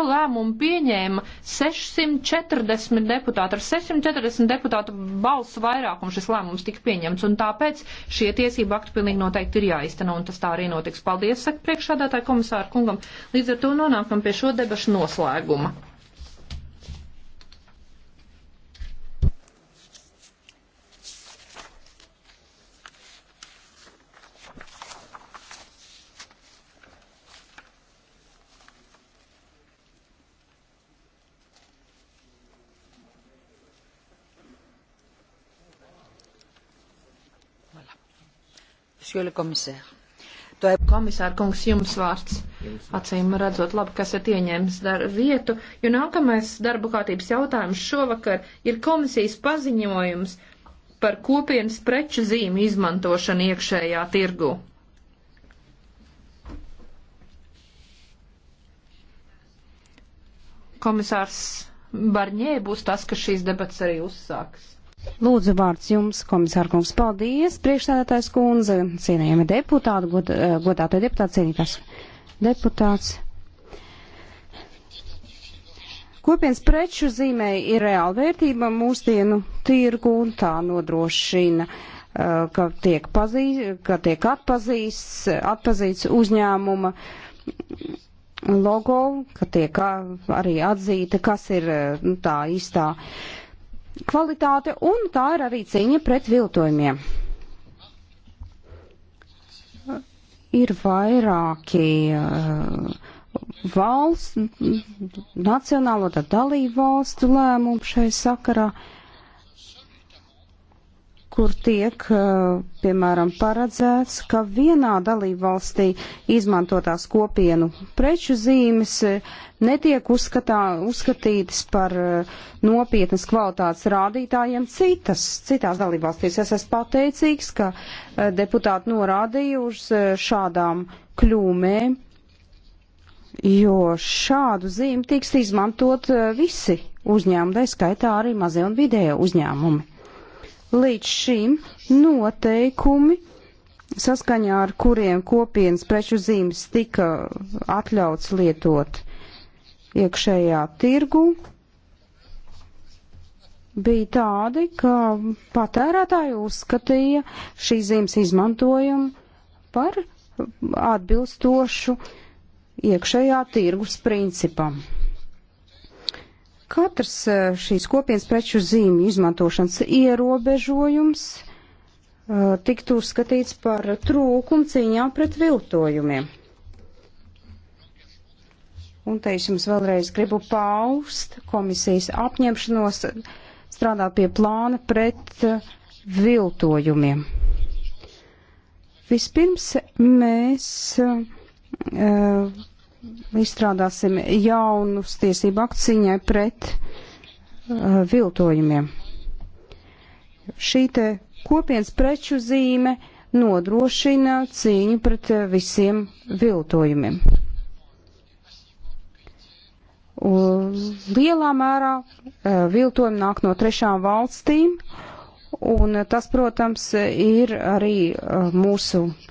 Šo lēmumu pieņēma 640 deputāti. Ar 640 deputātu balsu vairākumu šis lēmums tika pieņemts, un tāpēc šie tiesību akti pilnīgi noteikti ir jāizteno, un tas tā arī notiks. Paldies, saka priekšādātāja komisāra kungam. Līdz ar to nonākam pie šo debašu noslēguma. Monsieur le commissaire. Komisāra kungs, jums vārds. Acīm redzot, labi, kas ir ieņēmis vietu, jo nākamais darba kārtības jautājums šovakar ir komisijas paziņojums par kopienas preču zīmju izmantošanu iekšējā tirgu. Komisārs Barņē būs tas, kas šīs debats arī uzsāks. Lūdzu, vārds jums, komisārkungs. Paldies, priekšstādātājs kundze, cienījami deputāti, god, eh, godātie deputāti, cienītās deputāts. Kopienas preču zīmē ir reāla vērtība mūsdienu tirgu un tā nodrošina, eh, ka tiek, pazī, ka tiek atpazīts, atpazīts uzņēmuma logo, ka tiek arī atzīta, kas ir eh, nu, tā īstā. Uh, kvalitāte, un tā ir arī cīņa pret viltojumiem. Ir vairāki uh, valsts, nacionālo tad dalību valstu lēmumu šai sakarā. Uh, kur tiek, eh, piemēram, paredzēts, ka vienā dalībvalstī izmantotās kopienu preču zīmes eh, netiek uzskatā, uzskatītas par eh, nopietnas kvalitātes rādītājiem citas, citās dalībvalstīs. Es esmu pateicīgs, ka deputāti norādīja uz šādām kļūmēm, jo šādu zīmi tiks izmantot visi uzņēmumi, tā skaitā arī mazie un vidējo uzņēmumi. Līdz šim noteikumi, saskaņā ar kuriem kopienas preču zīmes tika atļauts lietot iekšējā tirgu, bija tādi, ka patērētāji uzskatīja šīs zīmes izmantojumu par atbilstošu iekšējā tirgus principam. Katrs e, šīs kopienas preču zīmju izmantošanas ierobežojums e, tiktu uzskatīts par trūkumu cīņā pret viltojumiem. Un te es jums vēlreiz gribu paust komisijas apņemšanos strādāt pie plāna pret e, viltojumiem. Vispirms mēs uh, izstrādāsim jaunus tiesību akciņai pret uh, viltojumiem. Šī te kopienas preču zīme nodrošina cīņu pret uh, visiem viltojumiem. Un lielā mērā uh, viltojumi nāk no trešām valstīm, un uh, tas, protams, ir arī uh, mūsu uh,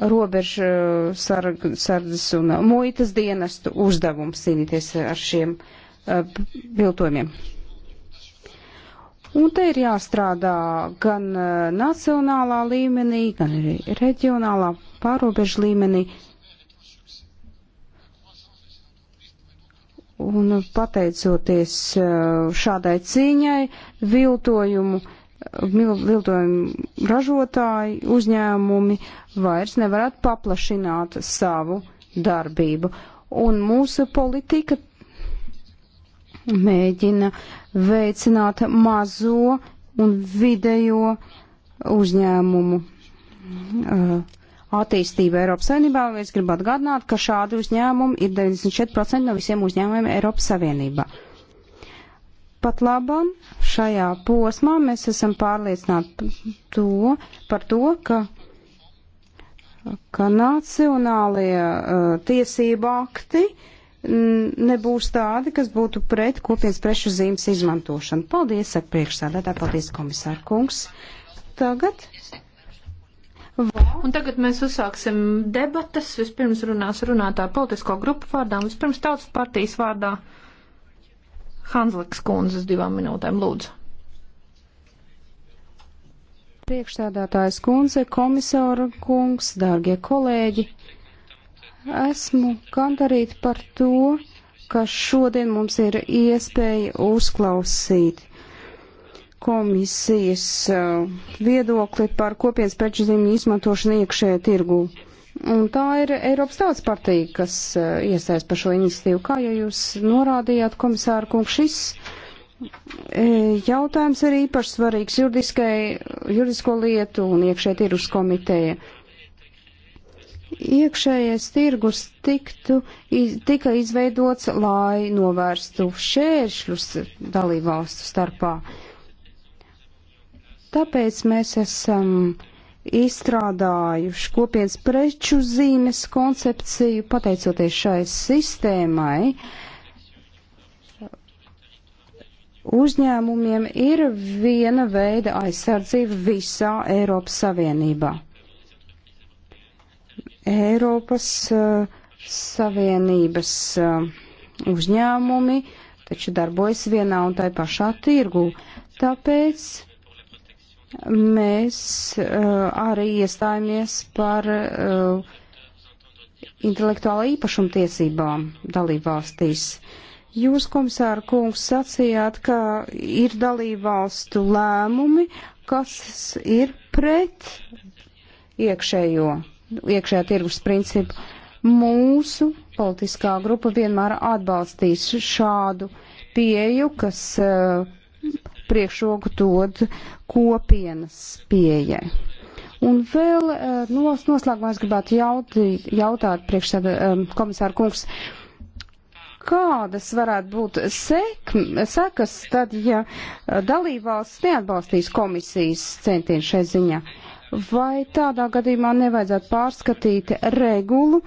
robežu eh, sardzes un muitas dienestu uzdevums cīnīties ar šiem uh, viltojumiem. Un te ir jāstrādā gan uh, nacionālā līmenī, gan arī reģionālā pārobežu līmenī. Un pateicoties uh, šādai cīņai, viltojumu uh, lidojumu ražotāji, uzņēmumi vairs nevarētu paplašināt savu darbību. Un mūsu politika mēģina veicināt mazo un vidējo uzņēmumu uh, attīstību Eiropas Savienībā. Es gribu atgādināt, ka šādi uzņēmumi ir 94% no visiem uzņēmumiem Eiropas Savienībā. Uh, Pat labam šajā posmā mēs esam pārliecināti to, par to, ka, ka nacionālie uh, tiesību akti nebūs tādi, kas būtu pret kopienas prešu zīmes izmantošanu. Paldies, saka priekšsēdētā, paldies, komisāra kungs. Tagad. Un tagad mēs uzsāksim debatas. Vispirms runās runātā politisko grupu vārdā, vispirms tautas partijas vārdā. Hansleks kundzes divām minūtēm lūdzu. Priekšstādātājs kundze, komisāra kungs, dārgie kolēģi, esmu gandarīta par to, ka šodien mums ir iespēja uzklausīt komisijas uh, viedokli par kopienas preču zīmju izmantošanu iekšējā tirgū. Un tā ir Eiropas Tautas partija, kas eh, iestājas par šo iniciatīvu. Kā jau jūs norādījāt, komisāra kungs, šis eh, jautājums ir īpaši svarīgs juridiskai, juridisko lietu un iekšē tirgus komiteja. Iekšējais tirgus tiktu, iz, tika izveidots, lai novērstu šēršļus dalībvalstu starpā. Tāpēc mēs esam izstrādājuši kopienas preču zīmes koncepciju, pateicoties šai sistēmai. Uzņēmumiem ir viena veida aizsardzība visā Eiropas Savienībā. Eiropas uh, Savienības uh, uzņēmumi taču darbojas vienā un tai pašā tirgū. Tāpēc mēs uh, arī iestājāmies par uh, intelektuālā īpašuma tiesībām dalībvalstīs. Jūs, komisāra kungs, sacījāt, ka ir dalībvalstu lēmumi, kas ir pret iekšējo, iekšējā tirgus principu. Mūsu politiskā grupa vienmēr atbalstīs šādu pieju, kas uh, priekšroku dod kopienas pieejai. Un vēl eh, nos, noslēgumā es gribētu jauti, jautāt priekšsēdā ehm, komisāra kungs, kādas varētu būt sek, sekas tad, ja eh, dalībvalsts neatbalstīs komisijas centienu šai ziņā? Vai tādā gadījumā nevajadzētu pārskatīt regulu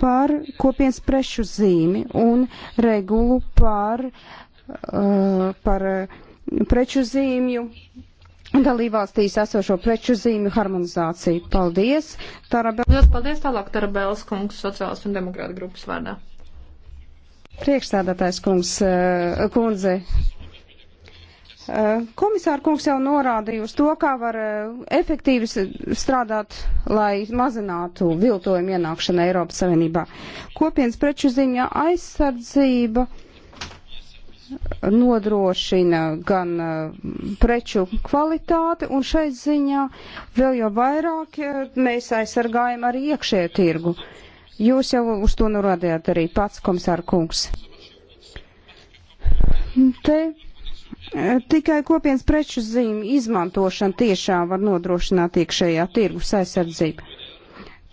par kopienas prešu zīmi un regulu par, uh, par uh, preču zīmju un dalībvalstīs esošo preču zīmju harmonizāciju. Paldies! Tarabels. Lielas paldies tālāk, Tarabels kungs, sociālas un demokrāta grupas vārdā. Priekšstādātais kungs, eh, kundze. Eh, komisāra kungs jau norādīja uz to, kā var eh, efektīvi strādāt, lai mazinātu viltojumu ienākšanu Eiropas Savienībā. Kopienas preču ziņa aizsardzība nodrošina gan uh, preču kvalitāti, un šai ziņā vēl jau vairāk uh, mēs aizsargājam arī iekšējo tirgu. Jūs jau uz to norādījāt arī pats komisāra kungs. Te uh, Tikai kopienas preču zīmju izmantošana tiešām var nodrošināt iekšējā tirgus aizsardzību.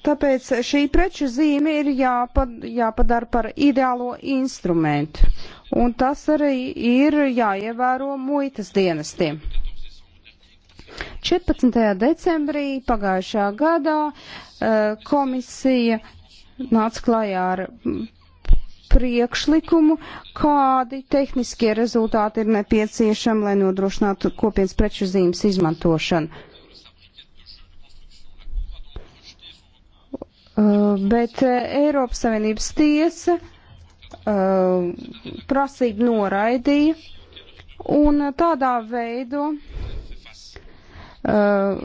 Tāpēc šī preču zīme ir jāpad, jāpadara par ideālo instrumentu. Un tas arī ir jāievēro muitas dienestiem. 14. decembrī pagājušā gadā eh, komisija nāca klajā ar priekšlikumu, kādi tehniskie rezultāti ir nepieciešami, lai nodrošinātu kopienas preču zīmes izmantošanu. Eh, bet eh, Eiropas Savienības tiesa uh, prasīgi noraidīja. Un tādā veidu Uh,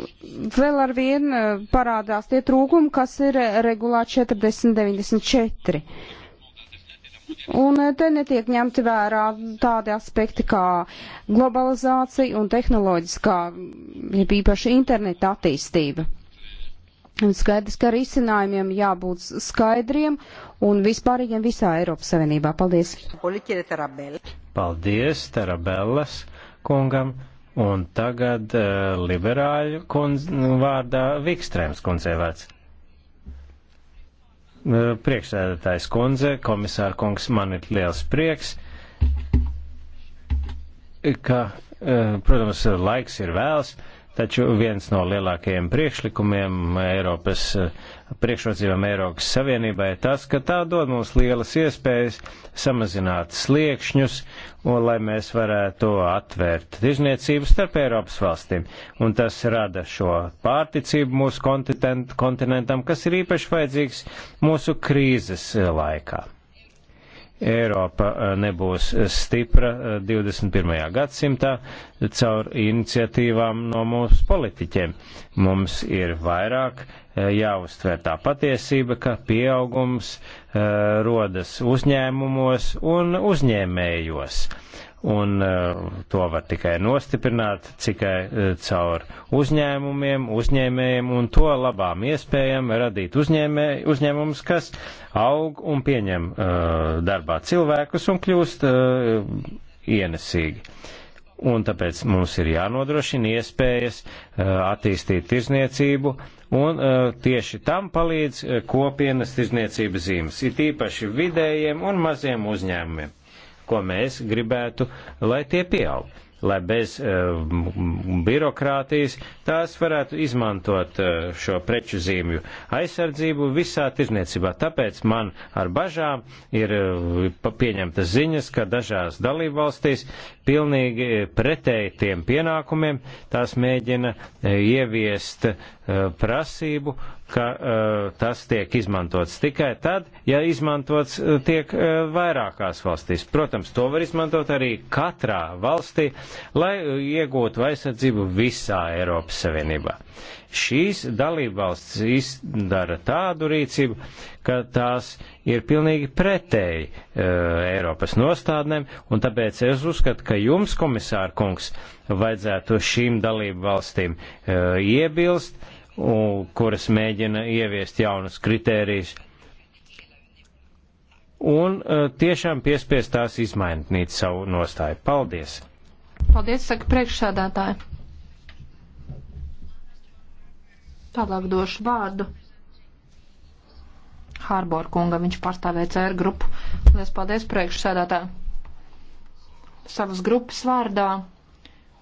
vēl ar vienu uh, parādās tie trūkumi, kas ir regulā 4094. Un uh, te netiek ņemti vērā tādi aspekti kā globalizācija un tehnoloģiskā, ja īpaši interneta attīstība. Un skaidrs, ka risinājumiem jābūt skaidriem un vispārīgiem visā Eiropas Savienībā. Paldies! Paldies, Tarabellas kungam! Un tagad uh, liberāļu kundz, vārdā Vikstrēms kundzei vārds. Uh, priekšsēdētājs kundze, komisāra kungs, man ir liels prieks, ka, uh, protams, laiks ir vēls. Uh, Taču viens no lielākajiem priekšlikumiem Eiropas, eh, priekšrocībām Eiropas Savienībā ir tas, ka tā dod mums lielas iespējas samazināt sliekšņus, un lai mēs varētu atvērt tirzniecību starp Eiropas valstīm. Un tas rada šo pārticību mūsu kontinentam, kas ir īpaši vajadzīgs mūsu krīzes eh, laikā. Eiropa eh, nebūs stipra 21. Eh, gadsimtā caur iniciatīvām no mūsu politiķiem. Mums ir vairāk eh, jāuztver tā patiesība, ka pieaugums rodas uzņēmumos un uzņēmējos un e, to var tikai nostiprināt tikai e, caur uzņēmumiem, uzņēmējiem un to labām iespējām radīt uzņēmē, uzņēmumus, kas aug un pieņem e, darbā cilvēkus un kļūst ienesīgi un tāpēc mums ir jānodrošina iespējas attīstīt tirzniecību, un tieši tam palīdz kopienas tirzniecības zīmes, it īpaši vidējiem un maziem uzņēmumiem ko mēs gribētu, lai tie pieaug, lai bez uh, birokrātijas tās varētu izmantot uh, šo preču zīmju aizsardzību visā tirzniecībā. Tāpēc man ar bažām ir uh, pieņemtas ziņas, ka dažās dalībvalstīs pilnīgi pretēji tiem pienākumiem tās mēģina uh, ieviest uh, prasību ka uh, tas tiek izmantots tikai tad, ja izmantots uh, tiek uh, vairākās valstīs. Protams, to var izmantot arī katrā valstī, lai uh, iegūtu aizsardzību visā Eiropas Savienībā. Šīs dalībvalsts izdara tādu rīcību, ka tās ir pilnīgi pretēji uh, Eiropas nostādnēm, un tāpēc es uzskatu, ka jums, komisāra kungs, vajadzētu šīm dalībvalstīm uh, iebilst, uh, kuras mēģina ieviest jaunus kritērijus. Un e, tiešām piespiest tās izmainīt savu nostāju. Paldies! Paldies, saka priekšsādātāji. Tālāk došu vārdu. Hārbor kunga, viņš pārstāvēja CR grupu. Lies paldies priekšsēdētā. Savas grupas vārdā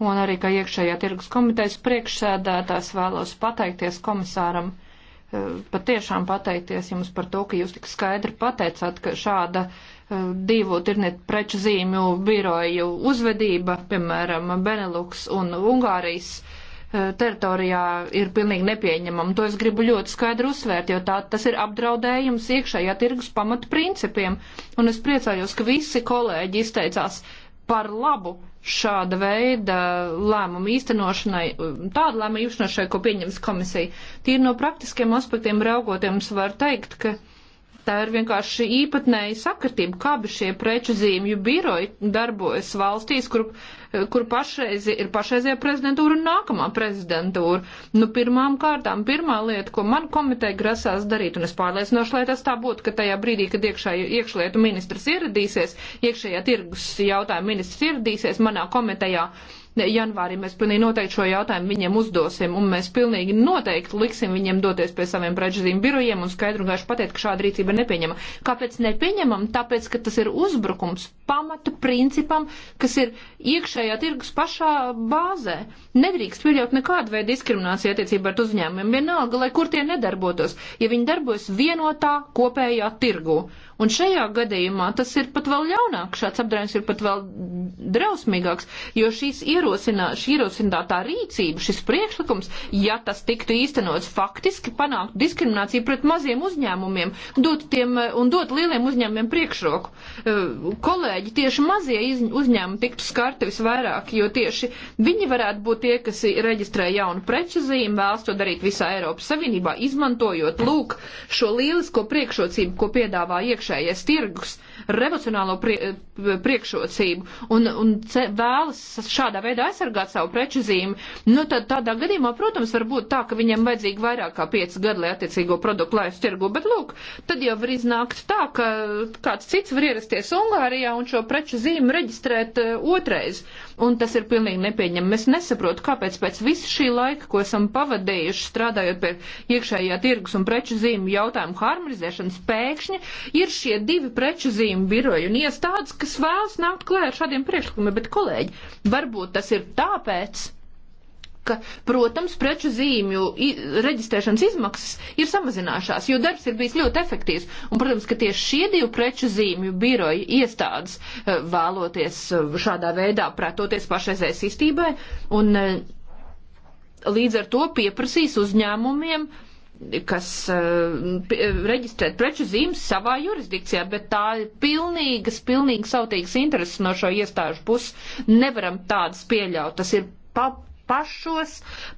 un arī kā iekšējā tirgus komitejas priekšsēdētājs vēlos pateikties komisāram, eh, patiešām pateikties jums par to, ka jūs tik skaidri pateicāt, ka šāda eh, divu tirniet preču zīmju biroju uzvedība, piemēram, Benelux un Ungārijas eh, teritorijā ir pilnīgi nepieņemama. To es gribu ļoti skaidri uzsvērt, jo tā, tas ir apdraudējums iekšējā tirgus pamatu principiem. Un es priecājos, ka visi kolēģi izteicās par labu šāda veida lēmumu īstenošanai, tāda lēmuma īstenošanai, ko pieņems komisija. Tīri no praktiskiem aspektiem raugoties, var teikt, ka Tā ir vienkārši īpatnēja sakritība, kā abi šie preču zīmju biroji darbojas valstīs, kur, kur pašreiz ir pašreizējā prezidentūra un nākamā prezidentūra. Nu, pirmām kārtām, pirmā lieta, ko man komiteja grasās darīt, un es pārliecinoši, lai tas tā būtu, ka tajā brīdī, kad iekšā, iekšlietu ministrs ieradīsies, iekšējā tirgus jautājuma ministrs ieradīsies manā komitejā, uh, janvārī mēs pilnīgi noteikti šo jautājumu viņiem uzdosim, un mēs pilnīgi noteikti liksim viņiem doties pie saviem prečzīm birojiem un skaidru un gaišu pateikt, ka šāda rīcība nepieņema. Kāpēc nepieņemam? Tāpēc, ka tas ir uzbrukums pamatu principam, kas ir iekšējā tirgus pašā bāzē. Nedrīkst pieļaut nekādu veidu diskrimināciju attiecībā ar uzņēmumiem, vienalga, lai kur tie nedarbotos, ja viņi darbojas vienotā kopējā tirgu. Un šajā gadījumā tas ir pat vēl ļaunāk, šāds apdrains ir pat vēl drausmīgāks, jo šīs iespējas ierosinā, šī ierosinātā rīcība, šis priekšlikums, ja tas tiktu īstenots faktiski, panākt diskrimināciju pret maziem uzņēmumiem dot tiem, eh, un dot lieliem uzņēmumiem priekšroku. Eh, kolēģi, tieši mazie uzņēmumi tiktu skarti visvairāk, jo tieši viņi varētu būt tie, kas reģistrē jaunu preču zīmi, vēlas to darīt visā Eiropas Savienībā, izmantojot lūk šo lielisko priekšrocību, ko piedāvā iekšējais tirgus revolucionālo prie, eh, priekšrocību un, un vēlas šādā veidā aizsargāt savu preču zīmi, nu tad tādā gadījumā, protams, var būt tā, ka viņiem vajadzīgi vairāk kā 5 gadi, lai attiecīgo produktu laistu tirgu, bet lūk, tad jau var iznākt tā, ka kāds cits var ierasties Ungārijā un šo preču zīmi reģistrēt eh, otrais. Uh, un tas ir pilnīgi nepieņemami. Es nesaprotu, kāpēc pēc visu šī laika, ko esam pavadījuši strādājot pie iekšējā tirgus un preču zīmju jautājumu harmonizēšanas, pēkšņi ir šie divi preču zīmju biroji un iestādes, kas vēlas nākt klē ar šādiem priekšlikumiem, bet kolēģi, varbūt tas ir tāpēc, ka, protams, preču zīmju reģistrēšanas izmaksas ir samazinājušās, jo darbs ir bijis ļoti efektīvs. Un, protams, ka tieši šie divi preču zīmju biroji iestādes eh, vēloties eh, šādā veidā pretoties pašreizējai sistībai un eh, līdz ar to pieprasīs uzņēmumiem kas uh, reģistrēt preču zīmes savā jurisdikcijā, bet tā ir pilnīgas, pilnīgi sautīgas intereses no šo iestāžu puses. Nevaram tādas pieļaut. Tas ir pa, pašos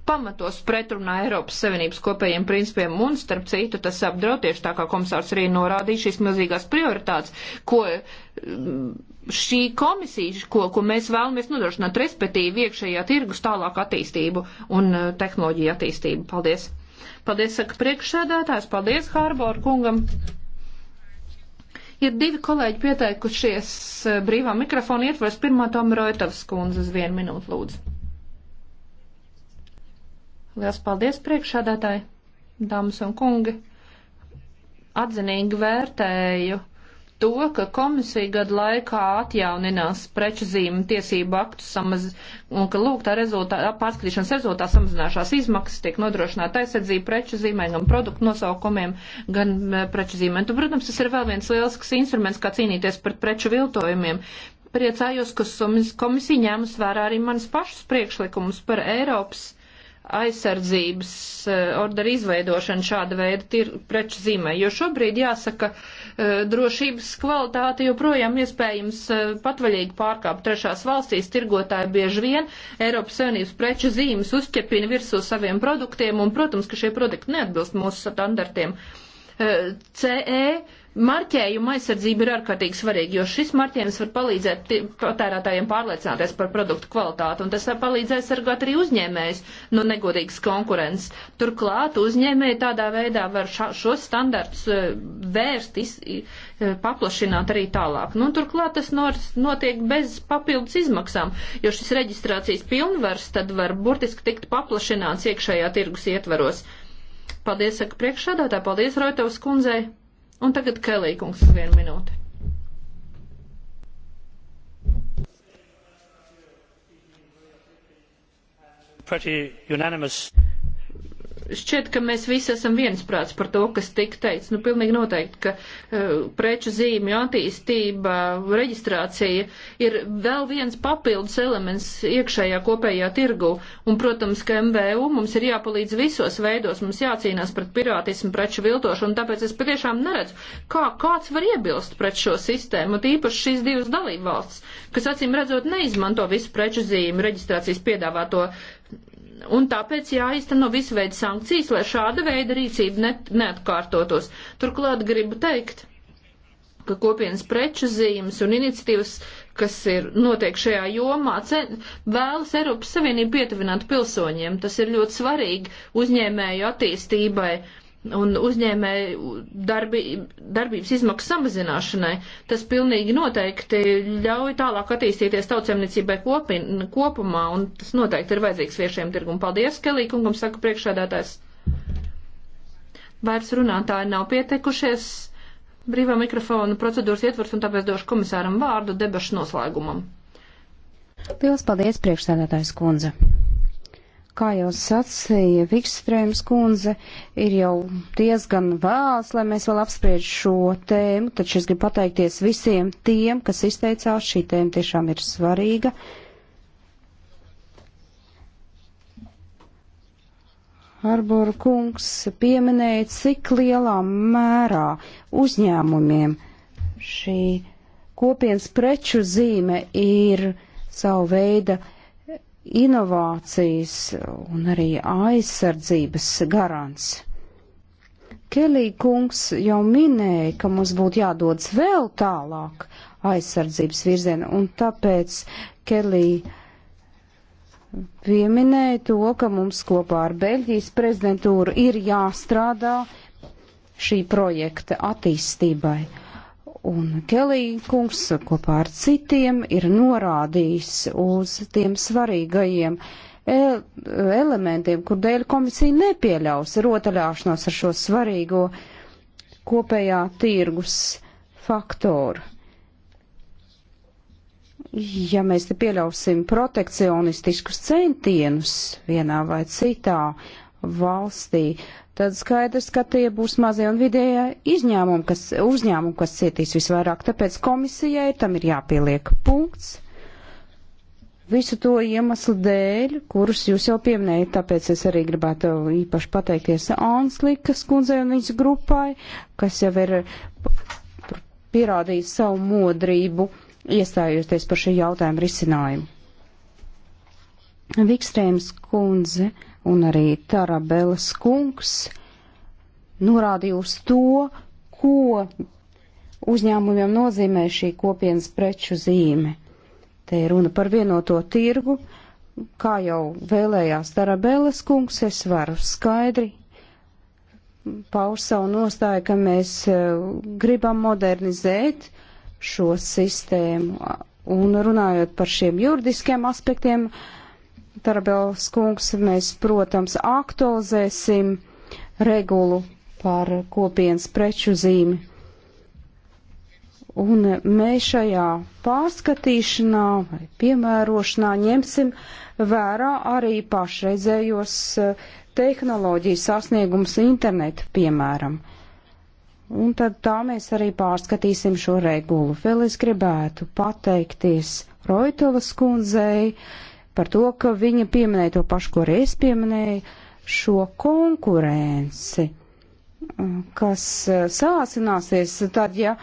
pamatos pretrunā Eiropas Savienības kopējiem principiem un, starp citu, tas apdraud tieši tā, kā komisārs arī norādīja šīs milzīgās prioritātes, ko mm, šī komisija, ko, ko mēs vēlamies nodrošināt, respektīvi iekšējā tirgus tālāk attīstību un eh, tehnoloģiju attīstību. Paldies! Paldies, saka priekšsēdētājs, paldies Hārbor kungam! Ir divi kolēģi pieteikušies eh, brīvā mikrofona ietvaros. Pirmā Toma Roitavas kundze uz vienu minūtu lūdzu. Liels paldies priekšādātāji, dāmas un kungi. Atzinīgi vērtēju to, ka komisija gadu laikā atjauninās preču zīmju tiesību aktu samaz, un ka lūk tā rezultā, pārskatīšanas rezultā samazināšās izmaksas, tiek nodrošināta aizsardzība preču zīmēm, gan produktu nosaukumiem, gan e, preču zīmēm. Tu, protams, tas ir vēl viens lielisks instruments, kā cīnīties pret preču viltojumiem, priecājos, ka komisija ņēmus vērā arī manas pašas priekšlikumus par Eiropas aizsardzības eh, ordera izveidošana šāda veida preču zīmē, jo šobrīd jāsaka, eh, drošības kvalitāte joprojām iespējams eh, patvaļīgi pārkāp trešās valstīs. Tirgotāji bieži vien Eiropas Savienības preču zīmes uzķepina virsū saviem produktiem, un, protams, ka šie produkti neatbilst mūsu standartiem. Uh, CE marķējuma aizsardzība ir ārkārtīgi svarīga, jo šis marķējums var palīdzēt patērētājiem pārliecināties par produktu kvalitāti, un tas palīdz aizsargāt arī uzņēmējs no negodīgas konkurences. Turklāt uzņēmēji tādā veidā var ša, šos standartus e, vērst, iz, e, paplašināt arī tālāk. Nu, turklāt tas notiek bez papildus izmaksām, jo šis reģistrācijas pilnvars tad var burtiski tikt paplašināts iekšējā tirgus ietvaros. Paldies, saka priekšsādātā, paldies Roitovs kundzei. Un tagad Kelīkungs uz vienu minūti. pretty unanimous šķiet, ka mēs visi esam viensprāts par to, kas tika teikts. Nu, pilnīgi noteikti, ka uh, preču zīmju attīstība, reģistrācija ir vēl viens papildus elements iekšējā kopējā tirgu. Un, protams, ka MVU mums ir jāpalīdz visos veidos, mums jācīnās pret pirātismu, preču viltošanu, tāpēc es patiešām neredzu, kā kāds var iebilst pret šo sistēmu, un īpaši šīs divas dalībvalstis, kas acīm redzot neizmanto visu preču zīmju reģistrācijas piedāvāto uh, un tāpēc jāizteno visu veidu sankcijas, lai šāda veida rīcība net, neatkārtotos. Turklāt gribu teikt, ka kopienas preču zīmes un iniciatīvas, kas ir notiek šajā jomā, vēlas Eiropas Savienību pietuvināt pilsoņiem. Tas ir ļoti svarīgi uzņēmēju attīstībai un uzņēmēju darbi, darbības izmaksu samazināšanai. Tas pilnīgi noteikti ļauj tālāk attīstīties tautsēmniecībai kopumā, un tas noteikti ir vajadzīgs viešiem tirgum. Paldies, Kelī, kungam saku priekšādātājs. Vairs runātāji nav pietekušies brīvā mikrofona procedūras ietvars, un tāpēc došu komisāram vārdu debašu noslēgumam. Lielas paldies, priekšsēdētājs kundze! Kā jau sacīja Vikstrēms kundze, ir jau diezgan vēls, lai mēs vēl apspriež šo tēmu, taču es gribu pateikties visiem tiem, kas izteicās, šī tēma tiešām ir svarīga. Arbora kungs pieminēja, cik lielā mērā uzņēmumiem šī kopienas preču zīme ir savu veidu inovācijas un arī aizsardzības garants. Kelī kungs jau minēja, ka mums būtu jādodas vēl tālāk aizsardzības virzienā, un tāpēc Kelī pieminēja to, ka mums kopā ar Beļģijas prezidentūru ir jāstrādā šī projekta attīstībai un Kelī kungs kopā ar citiem ir norādījis uz tiem svarīgajiem e, elementiem, kur dēļ komisija nepieļaus rotaļāšanos ar šo svarīgo kopējā tirgus faktoru. Ja mēs te pieļausim protekcionistiskus centienus vienā vai citā valstī, uh, tad skaidrs, ka tie būs mazie un vidējie izņēmumi, kas, uzņēmumi, kas cietīs visvairāk. Tāpēc komisijai tam ir jāpieliek punkts visu to iemeslu dēļ, kurus jūs jau pieminējat, tāpēc es arī gribētu īpaši pateikties Anslikas kundzei un viņas grupai, kas jau ir pierādījis savu modrību, iestājoties par šī jautājuma risinājumu. Vikstrēms kundze un arī Tarabelas kungs norādīja uz to, ko uzņēmumiem nozīmē šī kopienas preču zīme. Te ir runa par vienoto tirgu, kā jau vēlējās Tarabelas kungs, es varu skaidri paust savu nostāju, ka mēs e, gribam modernizēt šo sistēmu. Un runājot par šiem juridiskiem aspektiem, uh, Tarabels kungs, mēs, protams, aktualizēsim regulu par kopienas preču zīmi. Un mēs šajā pārskatīšanā vai piemērošanā ņemsim vērā arī pašreizējos eh, tehnoloģiju sasniegums internetu, piemēram. Un tad tā mēs arī pārskatīsim šo regulu. Vēl es gribētu pateikties Roitovas kundzei, uh, par to, ka viņa pieminēja to pašu, ko arī es pieminēju, šo konkurenci, mm, kas eh, sāsināsies tad, ja eh,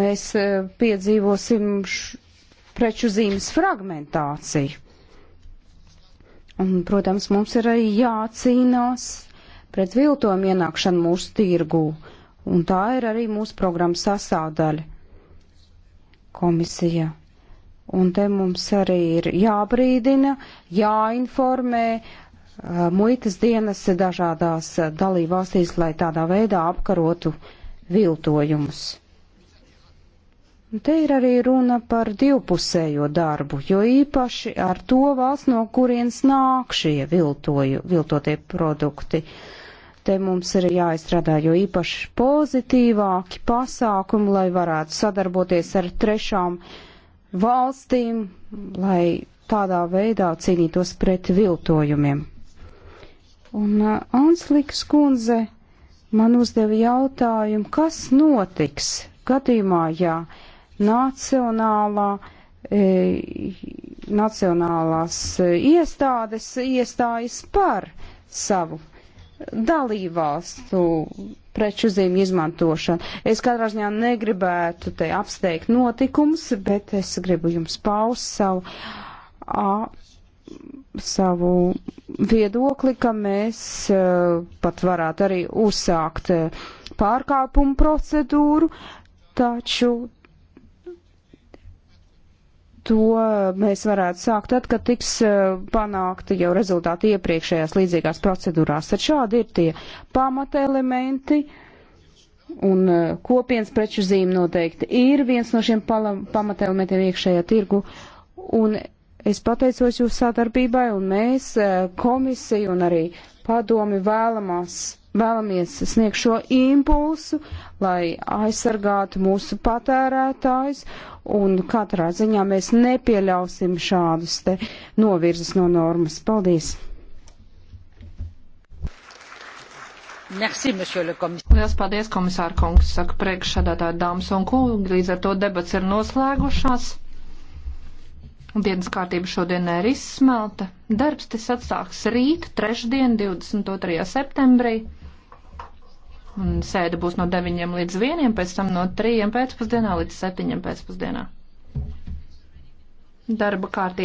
mēs eh, piedzīvosim preču zīmes fragmentāciju. Un, protams, mums ir arī jācīnās pret viltojumu ienākšanu mūsu tirgū, un tā ir arī mūsu programmas sastāvdaļa. Komisija Un te mums arī ir jābrīdina, jāinformē muitas dienas dažādās dalībvalstīs, lai tādā veidā apkarotu viltojumus. Te ir arī runa par divpusējo darbu, jo īpaši ar to valsts, no kurienes nāk šie viltoju, viltotie produkti. Te mums ir jāizstrādā jo īpaši pozitīvāki pasākumi, lai varētu sadarboties ar trešām uh, valstīm, lai tādā veidā cīnītos pret viltojumiem. Un uh, Ansliks kundze man uzdeva jautājumu, kas notiks gadījumā, ja nacionālā, e, nacionālās e, iestādes iestājas par savu dalībvalstu preču zīmju izmantošanu. Es katrā ziņā negribētu te apsteigt notikums, bet es gribu jums paust savu, a, savu viedokli, ka mēs a, pat varētu arī uzsākt pārkāpumu procedūru, taču to mēs varētu sākt tad, kad tiks eh, panākti jau rezultāti iepriekšējās līdzīgās procedūrās. Tad šādi ir tie pamata elementi, un eh, kopienas preču zīme noteikti ir viens no šiem pamata elementiem iekšējā tirgu, un es pateicos jūsu sadarbībai, un mēs eh, komisiju un arī padomi vēlamās vēlamies sniegt šo impulsu, lai aizsargātu mūsu patērētājus, un katrā ziņā mēs nepieļausim šādus te novirzes no normas. Paldies! Merci, Liels paldies, komisāra kungs, saka priekšsādātāja dāmas un kungi. Līdz ar to debats ir noslēgušās. Dienas kārtība šodien ir izsmelta. Darbs tas atsāks rīt, trešdien, 22. septembrī. Un sēde būs no 9 līdz 1, pēc tam no 3 pēcpusdienā līdz 7 pēcpusdienā. Darba kārtība.